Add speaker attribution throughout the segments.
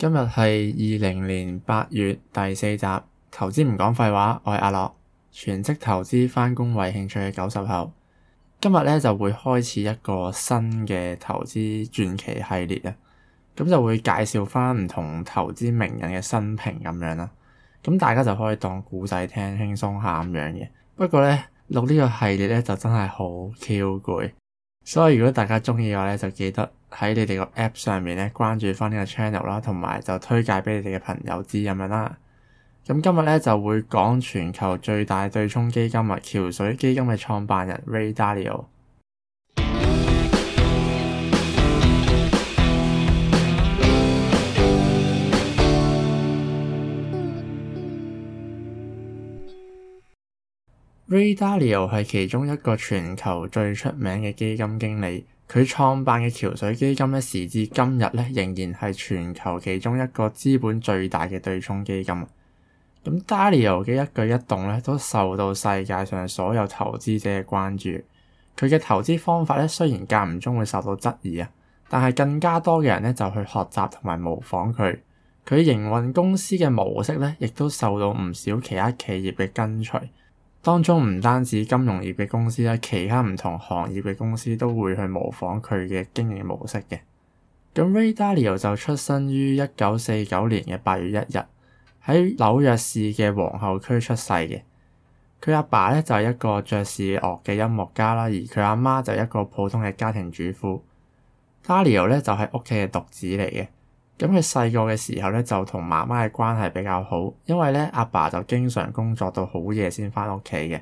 Speaker 1: 今日係二零年八月第四集，投資唔講廢話，我係阿樂，全職投資，返工為興趣嘅九十後。今日咧就會開始一個新嘅投資傳奇系列啊，咁就會介紹翻唔同投資名人嘅生平咁樣啦，咁大家就可以當故仔聽，輕鬆下咁樣嘅。不過咧錄呢個系列咧就真係好 Q 攰。所以、so，如果大家中意嘅咧，就記得喺你哋個 App 上面咧關注返呢個 channel 啦，同埋就推介俾你哋嘅朋友知咁樣啦。咁今日咧就會講全球最大對沖基金及橋水基金嘅創辦人 Ray Dalio。Ray Dalio 係其中一個全球最出名嘅基金經理，佢創辦嘅橋水基金咧，時至今日咧，仍然係全球其中一個資本最大嘅對沖基金。咁 Dalio 嘅一舉一動咧，都受到世界上所有投資者嘅關注。佢嘅投資方法咧，雖然間唔中會受到質疑啊，但係更加多嘅人咧就去學習同埋模仿佢。佢營運公司嘅模式咧，亦都受到唔少其他企業嘅跟隨。當中唔單止金融業嘅公司啦，其他唔同行業嘅公司都會去模仿佢嘅經營模式嘅。咁 Ray Dalio 就出生於一九四九年嘅八月一日，喺紐約市嘅皇后區出世嘅。佢阿爸咧就係一個爵士樂嘅音樂家啦，而佢阿媽就係一個普通嘅家庭主婦。Dalio 咧就係屋企嘅獨子嚟嘅。咁佢細個嘅時候咧，就同媽媽嘅關係比較好，因為咧阿爸就經常工作到好夜先翻屋企嘅。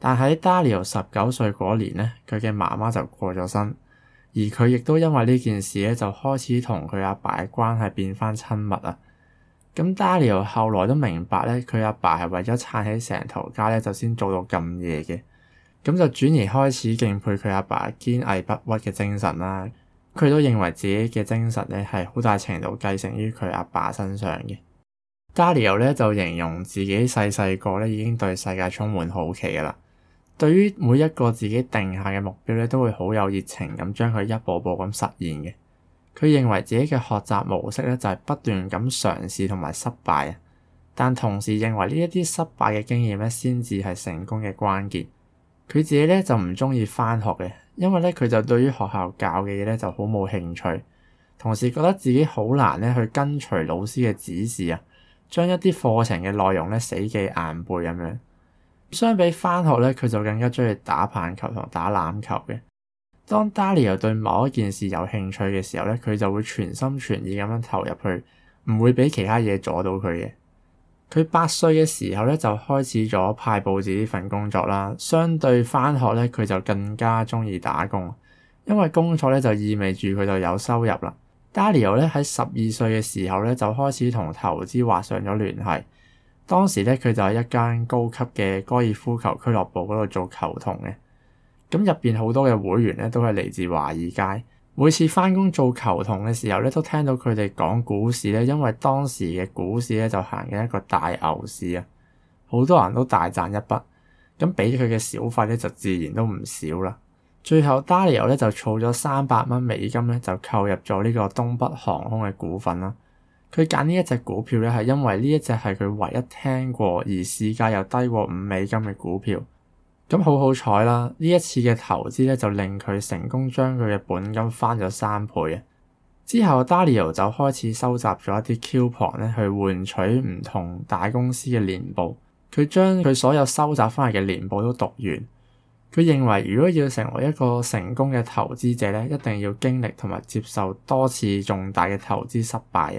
Speaker 1: 但喺 Dalio 十九歲嗰年咧，佢嘅媽媽就過咗身，而佢亦都因為呢件事咧，就開始同佢阿爸嘅關係變翻親密啊。咁 Dalio 後來都明白咧，佢阿爸係為咗撐起成頭家咧，就先做到咁夜嘅，咁就轉而開始敬佩佢阿爸堅毅不屈嘅精神啦。佢都認為自己嘅精神咧係好大程度繼承於佢阿爸身上嘅。Dalio 咧就形容自己細細個咧已經對世界充滿好奇噶啦，對於每一個自己定下嘅目標咧都會好有熱情咁將佢一步步咁實現嘅。佢認為自己嘅學習模式咧就係不斷咁嘗試同埋失敗，但同時認為呢一啲失敗嘅經驗咧先至係成功嘅關鍵。佢自己咧就唔中意翻學嘅，因為咧佢就對於學校教嘅嘢咧就好冇興趣，同時覺得自己好難咧去跟隨老師嘅指示啊，將一啲課程嘅內容咧死記硬背咁樣。相比翻學咧，佢就更加中意打棒球同打籃球嘅。當 Dalio 又對某一件事有興趣嘅時候咧，佢就會全心全意咁樣投入去，唔會俾其他嘢阻到佢嘅。佢八歲嘅時候咧就開始咗派報紙呢份工作啦。相對翻學咧，佢就更加鍾意打工，因為工作咧就意味住佢就有收入啦。Dalio 咧喺十二歲嘅時候咧就開始同投資劃上咗聯繫。當時咧佢就喺一間高級嘅高爾夫球俱樂部嗰度做球童嘅，咁入邊好多嘅會員咧都係嚟自華爾街。每次返工做球童嘅時候咧，都聽到佢哋講股市咧，因為當時嘅股市咧就行緊一個大牛市啊，好多人都大賺一筆，咁俾佢嘅小費咧就自然都唔少啦。最後 Dalio 咧就儲咗三百蚊美金咧就購入咗呢個東北航空嘅股份啦。佢揀呢一隻股票咧係因為呢一隻係佢唯一聽過而市價又低過五美金嘅股票。咁好好彩啦！呢一次嘅投資咧，就令佢成功將佢嘅本金翻咗三倍啊！之後 Dalio 就開始收集咗一啲 coupon 咧，去換取唔同大公司嘅年報。佢將佢所有收集翻嚟嘅年報都讀完。佢認為，如果要成為一個成功嘅投資者咧，一定要經歷同埋接受多次重大嘅投資失敗啊！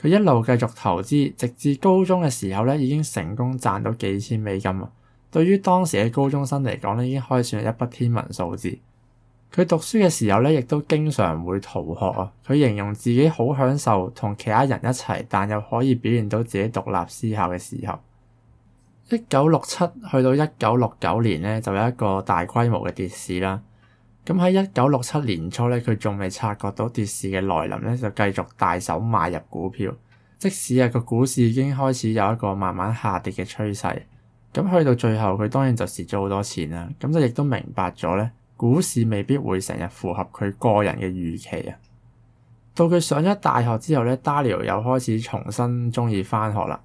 Speaker 1: 佢一路繼續投資，直至高中嘅時候咧，已經成功賺到幾千美金啊！對於當時嘅高中生嚟講咧，已經可以算係一筆天文數字。佢讀書嘅時候呢，亦都經常會逃學啊。佢形容自己好享受同其他人一齊，但又可以表現到自己獨立思考嘅時候。一九六七去到一九六九年呢，就有一個大規模嘅跌市啦。咁喺一九六七年初呢，佢仲未察覺到跌市嘅來臨呢，就繼續大手買入股票，即使啊、係個股市已經開始有一個慢慢下跌嘅趨勢。咁去到最後，佢當然就蝕咗好多錢啦。咁就亦都明白咗咧，股市未必會成日符合佢個人嘅預期啊。到佢上咗大學之後咧 Dalio 又開始重新中意翻學啦，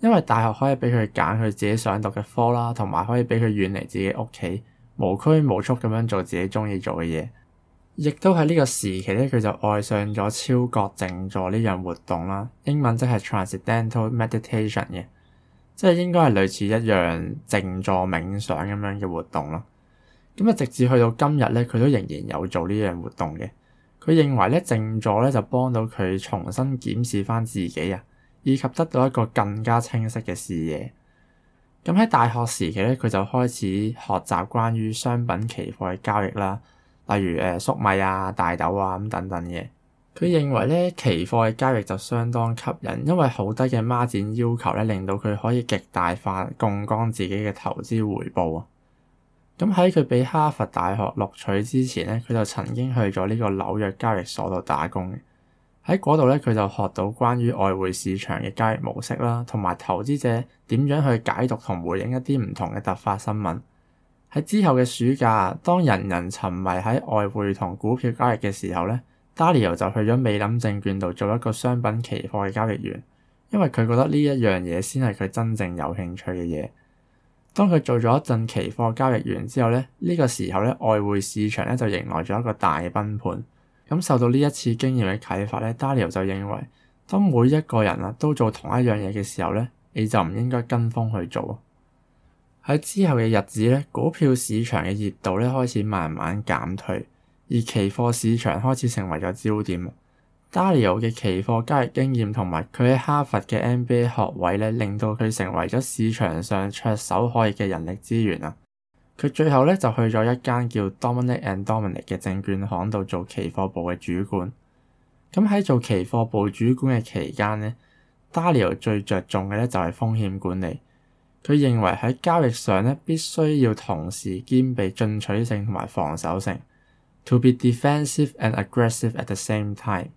Speaker 1: 因為大學可以俾佢揀佢自己想讀嘅科啦，同埋可以俾佢遠離自己屋企，無拘無束咁樣做自己中意做嘅嘢。亦都喺呢個時期咧，佢就愛上咗超覺靜坐呢樣活動啦。英文即係 transcendental meditation 嘅。即係應該係類似一樣靜坐冥想咁樣嘅活動咯。咁啊，直至去到今日咧，佢都仍然有做呢樣活動嘅。佢認為咧，靜坐咧就幫到佢重新檢視返自己啊，以及得到一個更加清晰嘅視野。咁喺大學時期咧，佢就開始學習關於商品期貨嘅交易啦，例如誒粟米啊、大豆啊咁等等嘅。佢認為咧，期貨嘅交易就相當吸引，因為好低嘅孖展要求咧，令到佢可以極大化槓桿自己嘅投資回報啊。咁喺佢俾哈佛大學錄取之前咧，佢就曾經去咗呢個紐約交易所度打工嘅。喺嗰度咧，佢就學到關於外匯市場嘅交易模式啦，同埋投資者點樣去解讀同回應一啲唔同嘅突發新聞。喺之後嘅暑假，當人人沉迷喺外匯同股票交易嘅時候咧，Dalio 就去咗美林證券度做一個商品期貨嘅交易員，因為佢覺得呢一樣嘢先係佢真正有興趣嘅嘢。當佢做咗一陣期貨交易員之後咧，呢、呢個時候咧，外匯市場咧就迎來咗一個大崩盤。咁受到呢一次經驗嘅啟發咧 Dalio 就認為當每一個人啊都做同一樣嘢嘅時候咧，你就唔應該跟風去做。喺之後嘅日子咧，股票市場嘅熱度咧開始慢慢減退，而期貨市場開始成為個焦點。Dalio 嘅期貨交易經驗同埋佢喺哈佛嘅 NBA 學位咧，令到佢成為咗市場上炙手可熱嘅人力資源啊！佢最後咧就去咗一間叫 Dominic and Dominic 嘅證券行度做期貨部嘅主管。咁喺做期貨部主管嘅期間咧 Dalio 最着重嘅咧就係風險管理。佢認為喺交易上咧必須要同時兼備進取性同埋防守性。to be defensive and aggressive at the same time。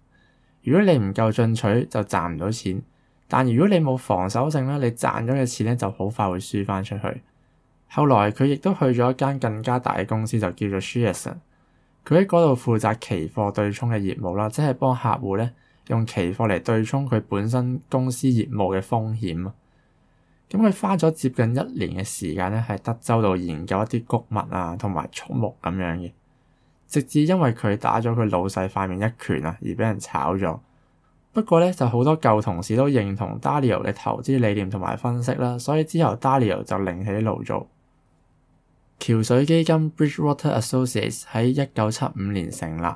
Speaker 1: 如果你唔夠進取就賺唔到錢，但如果你冇防守性咧，你賺咗嘅錢咧就好快會輸翻出去。後來佢亦都去咗一間更加大嘅公司，就叫做 Shearson。佢喺嗰度負責期貨對沖嘅業務啦，即係幫客戶咧用期貨嚟對沖佢本身公司業務嘅風險。咁佢花咗接近一年嘅時間咧，喺德州度研究一啲谷物啊同埋畜牧咁樣嘅。直至因為佢打咗佢老細塊面一拳啊，而俾人炒咗。不過呢，就好多舊同事都認同 Dalio 嘅投資理念同埋分析啦，所以之後 Dalio 就另起爐灶。橋水基金 Bridgewater Associates 喺一九七五年成立。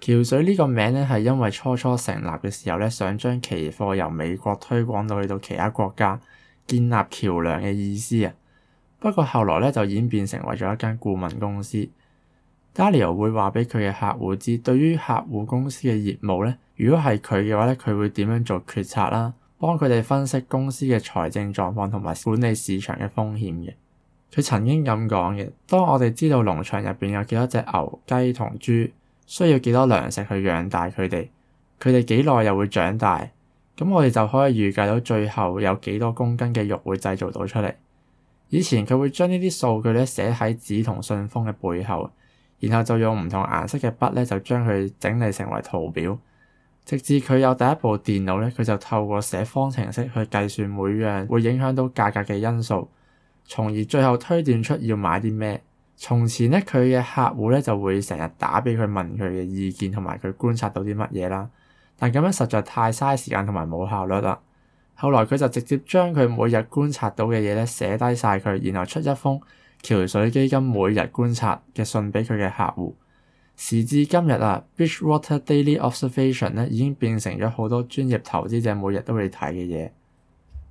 Speaker 1: 橋水呢個名呢，係因為初初成立嘅時候呢，想將期貨由美國推廣到去到其他國家，建立橋梁嘅意思啊。不過後來呢，就演變成為咗一間顧問公司。Dalio 會話俾佢嘅客戶知，對於客戶公司嘅業務咧，如果係佢嘅話咧，佢會點樣做決策啦？幫佢哋分析公司嘅財政狀況同埋管理市場嘅風險嘅。佢曾經咁講嘅：當我哋知道農場入邊有幾多隻牛、雞同豬，需要幾多糧食去養大佢哋，佢哋幾耐又會長大，咁我哋就可以預計到最後有幾多公斤嘅肉會製造到出嚟。以前佢會將呢啲數據咧寫喺紙同信封嘅背後。然後就用唔同顏色嘅筆咧，就將佢整理成為圖表，直至佢有第一部電腦咧，佢就透過寫方程式去計算每樣會影響到價格嘅因素，從而最後推斷出要買啲咩。從前咧，佢嘅客戶咧就會成日打俾佢問佢嘅意見同埋佢觀察到啲乜嘢啦。但咁樣實在太嘥時間同埋冇效率啦。後來佢就直接將佢每日觀察到嘅嘢咧寫低晒佢，然後出一封。橋水基金每日觀察嘅信俾佢嘅客戶，時至今日啊 Bridgewater Daily Observation 咧已經變成咗好多專業投資者每日都會睇嘅嘢。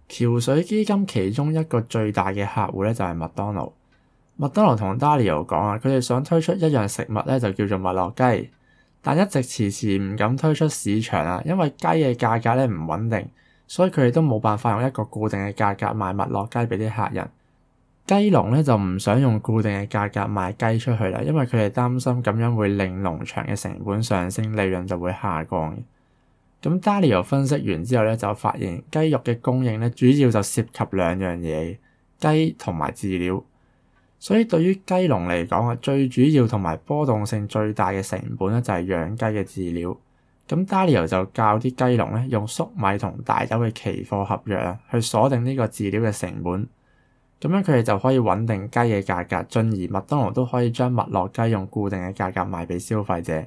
Speaker 1: 橋水基金其中一個最大嘅客戶咧就係麥當勞。麥當勞同 Dalio 講啊，佢哋想推出一樣食物咧就叫做麥樂雞，但一直遲遲唔敢推出市場啊，因為雞嘅價格咧唔穩定，所以佢哋都冇辦法用一個固定嘅價格賣麥樂雞俾啲客人。雞農咧就唔想用固定嘅價格,格賣雞出去啦，因為佢哋擔心咁樣會令農場嘅成本上升，利潤就會下降嘅。咁 Dalio 分析完之後咧，就發現雞肉嘅供應咧主要就涉及兩樣嘢，雞同埋飼料。所以對於雞農嚟講啊，最主要同埋波動性最大嘅成本咧就係養雞嘅飼料。咁 Dalio 就教啲雞農咧用粟米同大豆嘅期貨合約啊，去鎖定呢個飼料嘅成本。咁樣佢哋就可以穩定雞嘅價格，進而麥當勞都可以將麥樂雞用固定嘅價格賣俾消費者。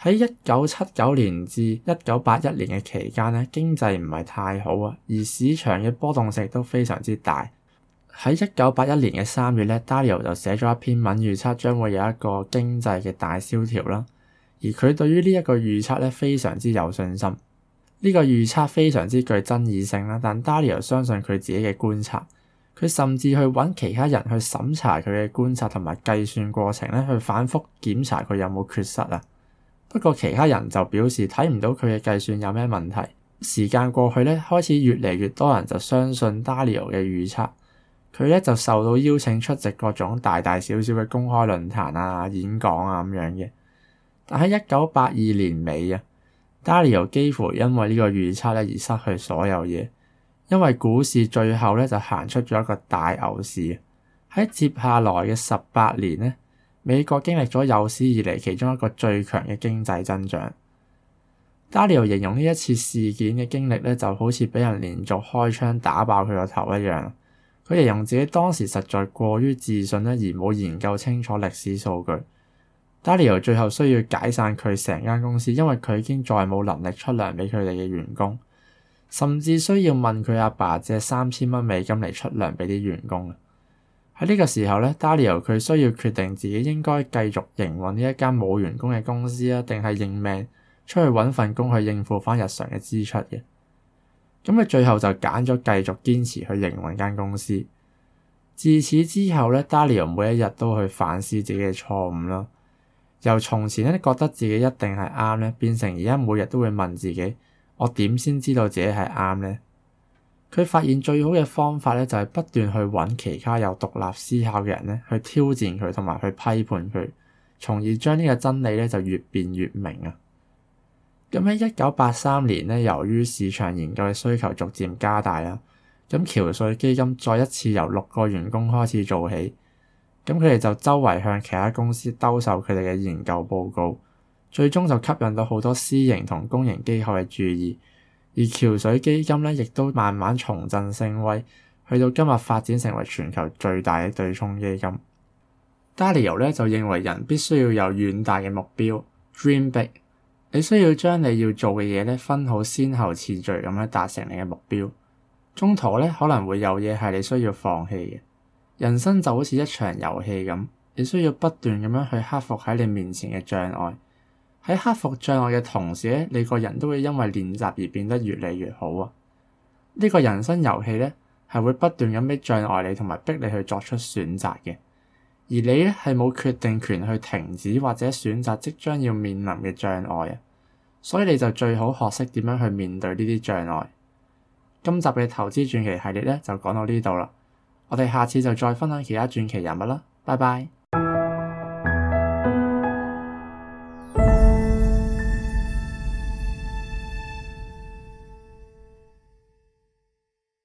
Speaker 1: 喺一九七九年至一九八一年嘅期間咧，經濟唔係太好啊，而市場嘅波動性都非常之大。喺一九八一年嘅三月咧，Dalio 就寫咗一篇文預測將會有一個經濟嘅大蕭條啦。而佢對於呢一個預測咧，非常之有信心。呢個預測非常之、這個、具爭議性啦，但 Dalio 相信佢自己嘅觀察。佢甚至去揾其他人去審查佢嘅觀察同埋計算過程咧，去反覆檢查佢有冇缺失啊。不過其他人就表示睇唔到佢嘅計算有咩問題。時間過去咧，開始越嚟越多人就相信 Dalio 嘅預測。佢咧就受到邀請出席各種大大小小嘅公開論壇啊、演講啊咁樣嘅。但喺一九八二年尾啊，Dalio 幾乎因為呢個預測咧而失去所有嘢。因為股市最後咧就行出咗一個大牛市，喺接下來嘅十八年呢，美國經歷咗有史以嚟其中一個最強嘅經濟增長。Dalio 形容呢一次事件嘅經歷咧就好似俾人連續開槍打爆佢個頭一樣。佢形容自己當時實在過於自信咧，而冇研究清楚歷史數據。Dalio 最後需要解散佢成間公司，因為佢已經再冇能力出糧俾佢哋嘅員工。甚至需要問佢阿爸借三千蚊美金嚟出糧俾啲員工，喺呢個時候咧，Dalio 佢需要決定自己應該繼續營運呢一間冇員工嘅公司啊，定係認命出去揾份工去應付翻日常嘅支出嘅？咁佢最後就揀咗繼續堅持去營運間公司。自此之後咧，Dalio 每一日都去反思自己嘅錯誤啦。由從前咧覺得自己一定係啱咧，變成而家每日都會問自己。我點先知道自己係啱呢？佢發現最好嘅方法咧，就係不斷去揾其他有獨立思考嘅人咧，去挑戰佢同埋去批判佢，從而將呢個真理咧就越辯越明啊！咁喺一九八三年咧，由於市場研究嘅需求逐漸加大啦，咁橋水基金再一次由六個員工開始做起，咁佢哋就周圍向其他公司兜售佢哋嘅研究報告。最終就吸引到好多私營同公營機構嘅注意，而橋水基金咧亦都慢慢重振聲威，去到今日發展成為全球最大嘅對沖基金。Dalio 咧就認為人必須要有遠大嘅目標，Dream Big。你需要將你要做嘅嘢咧分好先後次序，咁樣達成你嘅目標。中途咧可能會有嘢係你需要放棄嘅。人生就好似一場遊戲咁，你需要不斷咁樣去克服喺你面前嘅障礙。喺克服障礙嘅同時咧，你個人都會因為練習而變得越嚟越好啊！呢個人生遊戲咧，係會不斷咁俾障礙你同埋逼你去作出選擇嘅，而你咧係冇決定權去停止或者選擇即將要面臨嘅障礙啊！所以你就最好學識點樣去面對呢啲障礙。今集嘅投資傳奇系列咧就講到呢度啦，我哋下次就再分享其他傳奇人物啦，拜拜。